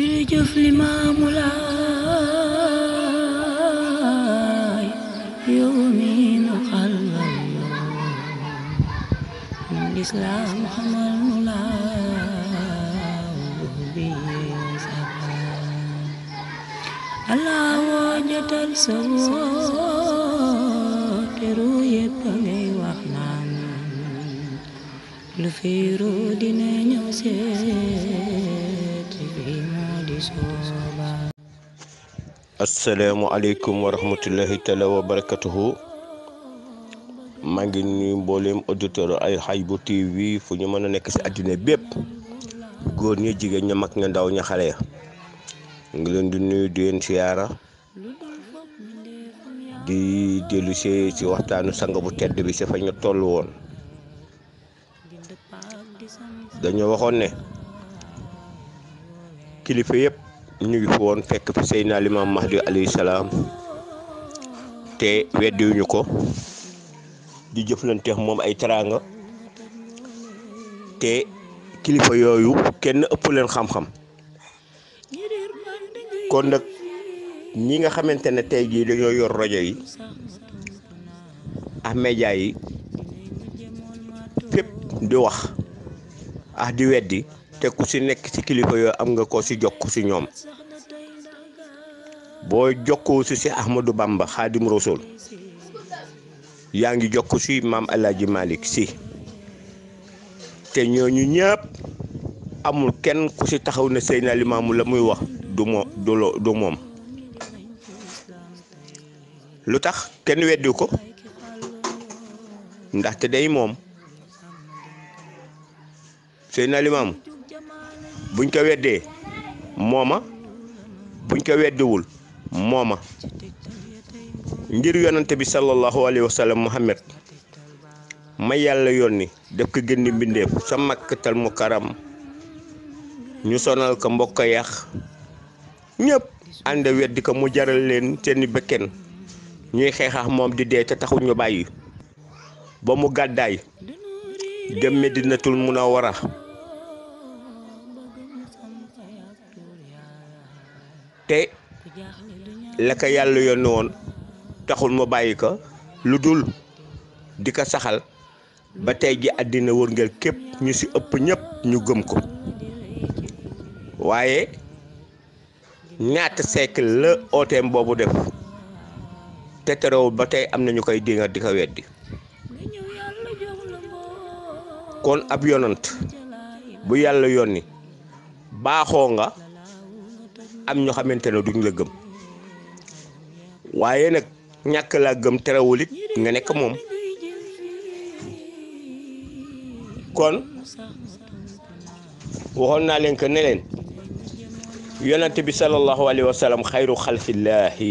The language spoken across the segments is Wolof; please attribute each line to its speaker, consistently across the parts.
Speaker 1: jërëjëf Limaamu Laay yow mi nu xalal yow lislaam xamal nu laaw bi saba Allah woo jotal sa woo teru yépp ngay wax naan lu fiiru dina ñëw see asalaamualeykum wa rahmatullahi taala wa barakatuhu maa ngi nuyu mbooleem auditeur ay Haïbou TV fu ñu mën a nekk ci àddina bépp góor ñi jigéen ña mag ña ndaw ña xale ya ngi leen di nuyu di leen yaara di dellu ci waxtaanu sang bu tedd bi si fa ñu toll woon dañoo waxoon ne kilifa yëpp ñu ngi fi woon fekk fi Seydina Limaam Mahdi alayhi salaam te weddiwuñu ko di jëflanteex moom ay taraanga te kilifa yooyu kenn ëpp leen xam-xam kon nag ñi nga xamante ne tey jii dañoo yor rajo yi ak média yi fépp di wax ak ah, di weddi. te ku ci nekk ci kilifa yoo am nga ko ci jokk ci ñoom boo jokkoo ci ci Ahmadou Bamba Xaadim Rasul yaa ngi jokk ci maam El Hadj Malick si te ñooñu ñëpp amul kenn ku ci taxaw na Seydina Limaamu la muy wax du moom lu tax kenn weddi ko ndaxte day moom Seydina Limaamu buñ ko weddee mooma buñ ko weddiwul mooma ngir yonante bi sallallahu alayhi wa muhammad ma yàlla yónni def ko gën di mbindeef sa makkatal mu karam ñu sonal ko mbokk yàq ñépp ànd weddi ko mu jaral leen seeni bëkken ñuy xeexax moom di dee te taxul ñu bàyyi ba mu gàddaay dem medinatul munawwara te la yàlla yoon woon taxul mu bàyyi ko lu dul di ko saxal ba tey ji àddina wërngël képp ñu ci ëpp ñëpp ñu gëm ko waaye ñaata siècle la ooteem boobu def te terewul ba tey am na ñu koy dinga di ko weddi kon ab yonant bu yàlla yónni baaxoo nga am ñoo xamante ne duñ la gëm waaye nag ñàkk laa gëm terewul it nga nekk moom kon waxoon naa leen ko ne leen yonent bi sallallahu alayhi wa sallam xayru xalqillaahi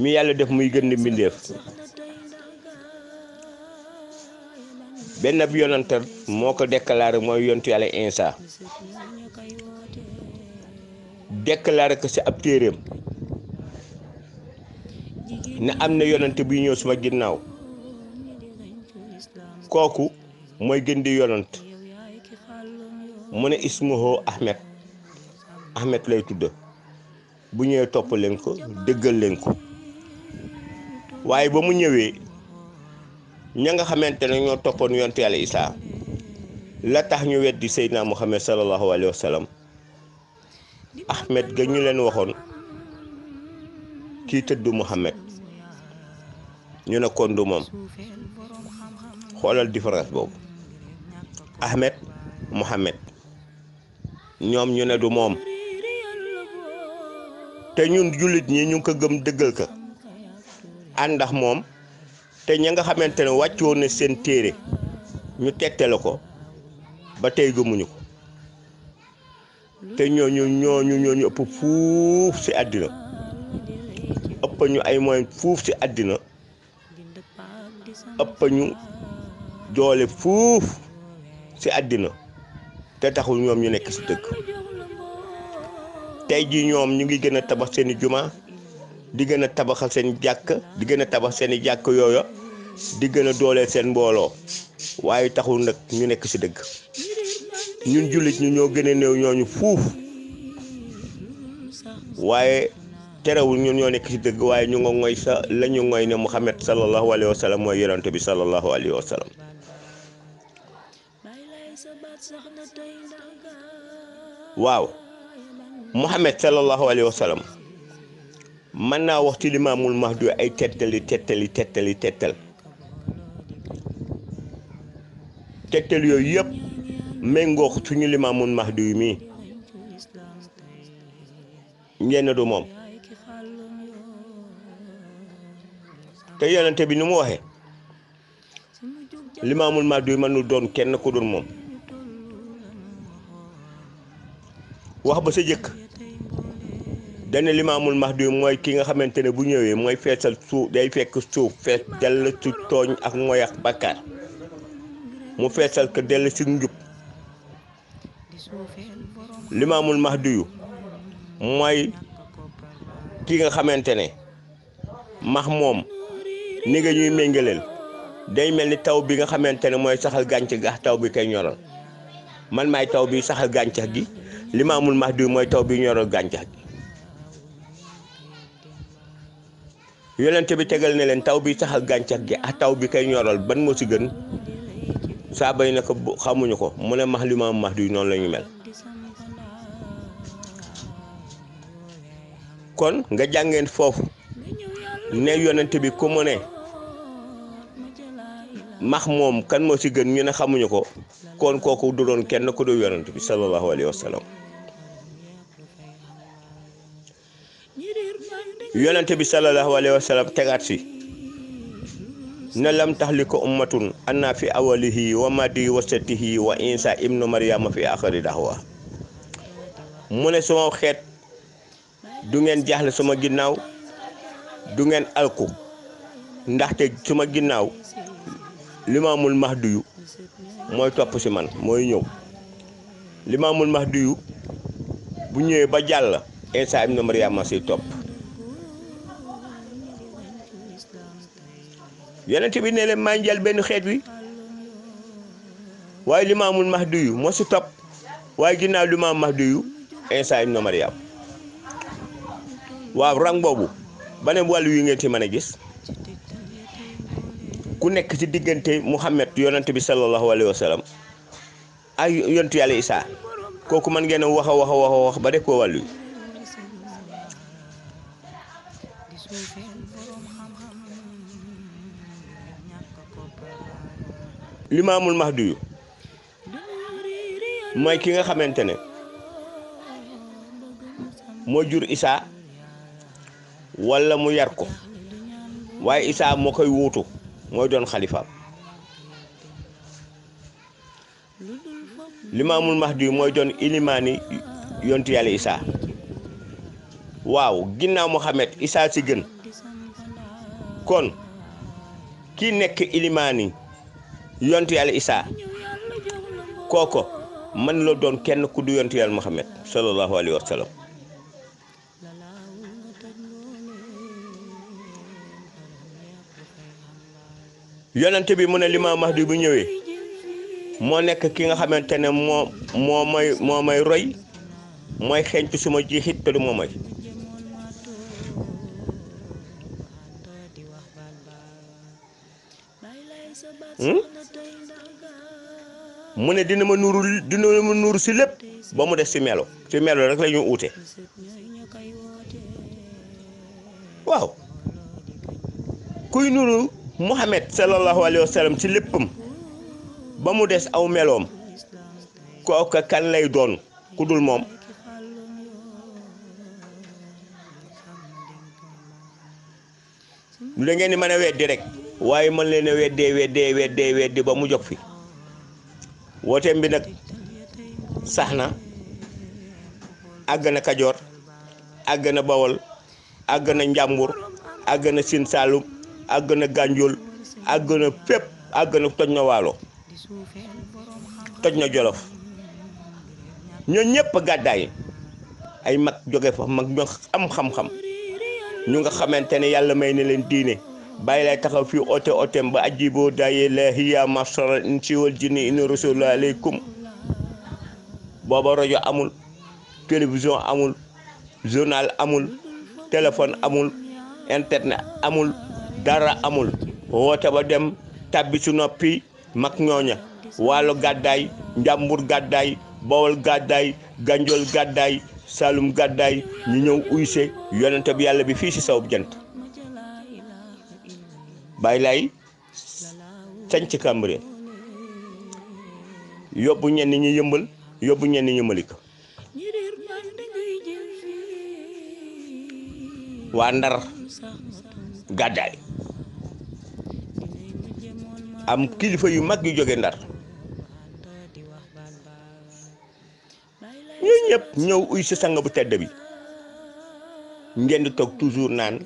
Speaker 1: mi yàlla def muy gën di mbindeef benn ab yonent moo ko déclaré mooy yontu yàlla insa déclaré ko ci ab téeréem ne am na yonante buy ñëw suma ginnaaw kooku mooy gën di yonant mu ne ismuhu Ahmed Ahmed lay tudd bu ñëwee topp leen ko dëggal leen ko waaye ba mu ñëwee ña nga xamante ne ñoo toppoon yonte yàlla Isaa la tax ñu weddi Seydina Muhammad sallallahu alayhi wa sallam Ahmed ga ñu leen waxoon kii tëdd Mouhamed ñu ne kon du moom xoolal différence boobu Ahmed Mouhamed ñoom ñu ne du moom te ñun jullit ñi ñu ngi ko gëm dëggal ka àndax moom te ña nga xamante ne wàccoon na seen téere ñu tegtale ko ba tey gëmuñu ko te ñooñu ñooñu ñooñu ëpp fuuf ci àddina ëpp ñu ay moyen fuuf ci àddina ëpp ñu doole fuuf ci àddina te taxul ñoom ñu nekk ci dëkk tey jii ñoom ñu ngi gën a tabax seeni juma di gën a tabaxal seen jàkk di gën a tabax seeni jàkk yooya di gën a dooleel seen mbooloo waaye taxul nag ñu nekk ci dëgg ñun jullit ñu ñoo gën néew ñooñu fuuf waaye terewul ñun ñoo nekk ci dëgg waaye ñu nga ngoy sa la ñu ngoy ne Muhammad sallallahu alayhi wa sallam mooy yonent bi sallallahu alayhi wa sallam waaw Muhammad sallallahu alayhi wa sallam mën naa wax ci limaamul mahdu ay tettali tettali tettali tettal tettal yooyu yëpp méngoog suñu limaamul mahdi yu mii ngeen du moom te yonente bi ni mu waxee limaamul mahdi yu mënul doon kenn ku dul moom wax ba sa jëkk dana limaamul mahdi mooy ki nga xamante ne bu ñëwee mooy feesal suuf day fekk suuf fees dell ci tooñ ak mooy ak mu feesal ko dell ci njub limaamul mahdiyu mooy ki nga xamante ne max moom ni nga ñuy méngaleel day mel ni taw bi nga xamante ne mooy saxal gàncax gi ah, taw bi kay ñoral man may taw bi saxal gàncax gi limaamul mahdiyu mooy taw bi ñoral gàncax gi yonent bi tegal ne leen taw bi saxal gàncax gi ak ah, taw bi kay ñoral ban moo ci gën saaba yi ne ko xamuñu ko mu max li limaam max du noonu la ñu mel kon nga jàngeen foofu ne yonent bi ku mu max moom kan moo si gën ñu ne xamuñu ko kon kooku du doon kenn ku du yonent bi sallallahu alayhi wa sallam yonent bi sallallahu alayhi wa sallam tegaat si ne lam tax li tahliku ummatun anna fi awalihi wa madi wasatihi wa insa ibnu maryama fi axari daxwa mu ne sama xeet du ngeen jaaxle sama ginnaaw du ngeen alku ndaxte sama ginnaaw limaamul mahdiyu mooy topp si man mooy ñëw limaamul mahdiyu bu ñëwee ba jàll insa ibnu maryama si topp yonent bi ne leen maa njël benn xeet wi waaye limaamul mahdi yu moo si topp waaye ginnaaw limaamul mahdi yu Isa ibn Maryam waaw rang boobu beneen wàllu yu ngeen ci mën a gis ku nekk ci diggante Muhammad yonent bi sallallahu alayhi wa sallam ay yontu yàlla Isa kooku man ngeen a wax a wax a ba def ko wàllu limaamul mahdiyu mooy ki nga xamante ne jur isaa walla mu yar ko waaye isaa moo koy wuutu mooy doon xalifaam limaamul mahdiyu mooy doon ilimaani yontu yàlla isaa waaw ginnaaw Muhammad isaa si gën kon kii nekk ilimaani yontu yàlla isaa kooko mën la doon kenn ku du yontu yàlla muhammad sallallahu alayhi wa sallam yonente bi mu ne limaam mahdi bu ñëwee moo nekk ki nga xamante ne moo moo may moo may roy mooy xeeñtu suma jiixit te du moo may Hmm? mu ne dina ma nuuru dina ma nuuru si lépp ba mu des si melo si melo rek la ñu uute waaw kuy nuuru Muhammad sallallahu alayhi wa sallam ci léppam ba mu des aw meloom kooka kan lay doon ku dul moom. lu da ngeen di mën a weddi rek waaye mën leen a weddee weddee weddee weddi ba mu jog fi wooteem bi nag sax na àgg na Kajoor àgg na Bawol àgg na Njàmbur àgg na Siin Saalum àgg na Gànjool àgg na fépp àgg na toj na Waalo toj na Jolof ñoo ñëpp gàddaay ay mag jóge fa mag ñoo am xam-xam ñu nga xamante ne yàlla may na leen diine bàyyi lay taxaw fi oote ootem ba ajiboo daye la hiya masara insi wal jinni inna rasulullah aleykum booba rajo amul télévision amul journal amul téléphone amul internet amul dara amul woote ba dem tabbi su noppi mag ñooña waalo gàddaay njàmbur gàddaay bawol gàddaay ganjol gàddaay Saalum gàddaay ñu ñëw uyse yonente bi yàlla bi fii ci sawub jant bàyyi laay sanc Cambérène yóbbu ñenn ñi yëmbal yóbbu ñenn ñi Malika waa Ndar gàddaay am kilifa yu mag yu jóge Ndar ñëpp ñëw uy si bu tedd bi ngeen di toog toujours naan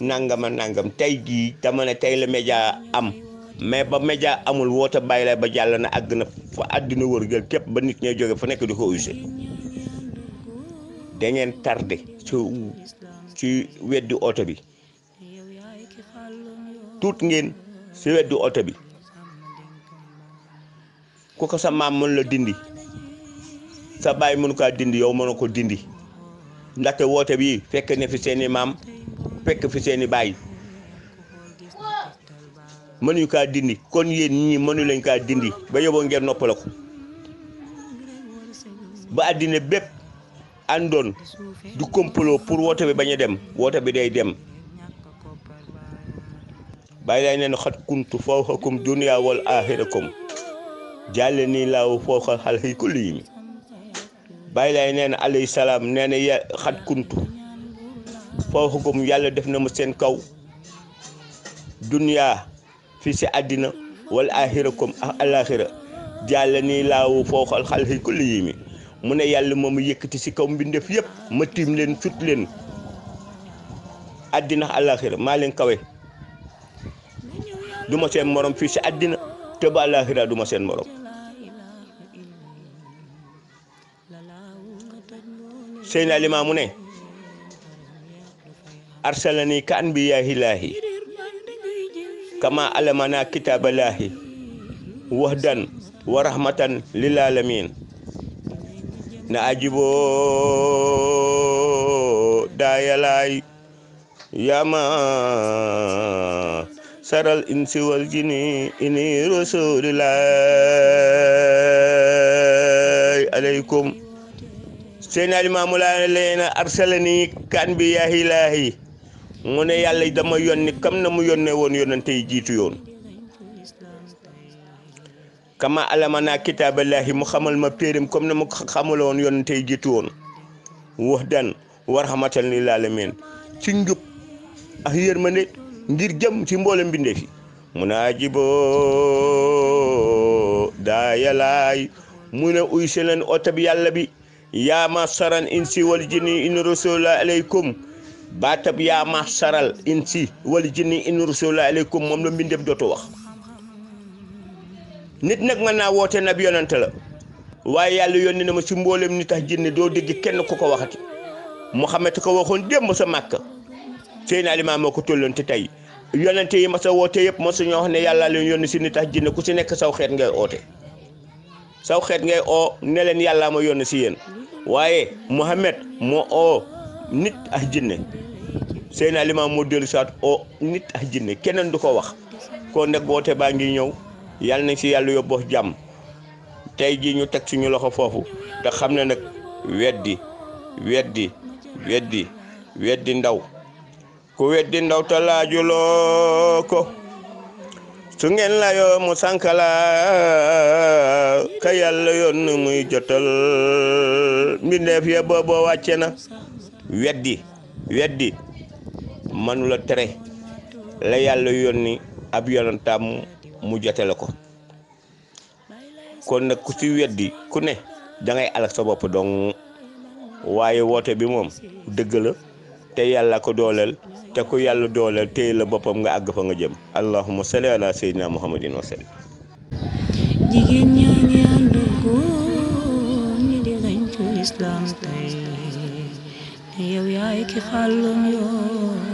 Speaker 1: nangama nangam tey jii dama ne tey la média am mais ba média amul woote bàyyi ba jàll na àgg na fa àddina wërgël képp ba nit ñooy joge fa nekk di ko use da ngeen tardé weddi oto bi tuut ngeen si weddi oto bi ku ko sa maam mën la dindi sa baay mënu dindi yow mënu ko dindi ndaxte woote bii fekk ne fi seeni maam fekk fi seeni baay mënuñu kaa dindi kon yéen ñii mënu lañ kaa dindi ba yóbboo ngeen noppala ko ba àddina bépp àndoon du complot pour woote bi bañ dem woote bi day dem bàyyi lay neen xat kuntu fawxakum dunya wal axirakum jàlle nii laaw fawxa xal yi kulli bàyyi laay nee na salaam nee na ya xat kuntu foofu gum yàlla def na ma seen kaw duniyaa fii si àddina wala axira kom ak alaxira jàlla nii laawu fooxal xal xi kulli mu ne yàlla moom yëkkati si kaw mbindeef yëpp ma tiim leen sut leen àddina ak alaxira maa leen kawe du ma seen morom fii si àddina te ba alaxira du ma seen morom Seydina Limaamu ne arsalani ka anbiyaahi laahi kama alamana kitaaba laahi wahdan wa rahmatan na ajibo dayalaay yama saral insi wal ini rasulillahi alaykum Seydina Limaamu Laay nee na arsalani ka anbiyaa'i Ilaahi mu ne yàlla dama yónni kam na mu yónnee woon yónnante jiitu yoon kama alamanaa kitaabalaahi mu xamal ma péerim comme na mu xamula woon yónnante jiitu woon wax dan war xamatan lil aalamiin ci njub ak yërmande ngir jëm ci mboole mbinde fi mu naa jiboo daayalaay mu ne uy si leen oto yàlla bi yaa mahsaral insi wal jinni in rasula aleykum baatab yaa mahsaral insi wal jinni in rasula aleykum moom la mbindeef dootu wax nit nag mën naa woote nab yonante la waaye yàlla yónni na ma ci mboolem nit tax doo dégg kenn ku ko waxati Muhammad ko waxoon démb sa màkka Seydina Limaamu moo ko tolloon te tey yonante yi ma sa woote yëpp ma suñoo wax ne yàlla leen si nit tax ku si nekk saw xeet ngay oote saw xeet ngay oo ne leen ma yónni si yéen waaye Muhammad moo oo nit ak jinne seen aliment moo dellu saat oo nit ak jinne keneen du ko wax ko nag woote baa ngi ñëw yàlla nañ si yàlla yóbboo jàmm tey jii ñu teg suñu loxo foofu te xam ne nag weddi weddi weddi weddi ndaw ku weddi ndaw te laajuloo su ngeen layoo mu sànkala ka yàlla yoon nu muy jotal mbindeef ya booboo wàcce na weddi weddi manula tere la yàlla yónni ab yonentam mu jotale ko kon nag ku ci weddi ku ne da ngay alak sa bopp waaye woote bi moom dëgg la te yàlla ko dooleel te ku yàlla dooleel téye la boppam nga àgg fa nga jëm allahuma salli ala sayyidina muhammadin wa jigéen ñaa ñi ànd góor di gañtu islam tey yow yaay ki xàllum yoon